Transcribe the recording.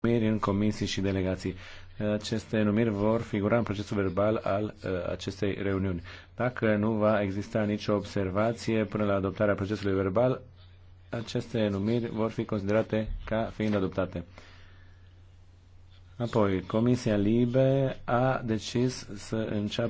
numiri în comisii și delegații. Aceste numiri vor figura în procesul verbal al uh, acestei reuniuni. Dacă nu va exista nicio observație până la adoptarea procesului verbal, aceste numiri vor fi considerate ca fiind adoptate. Apoi, Comisia Libe a decis să înceapă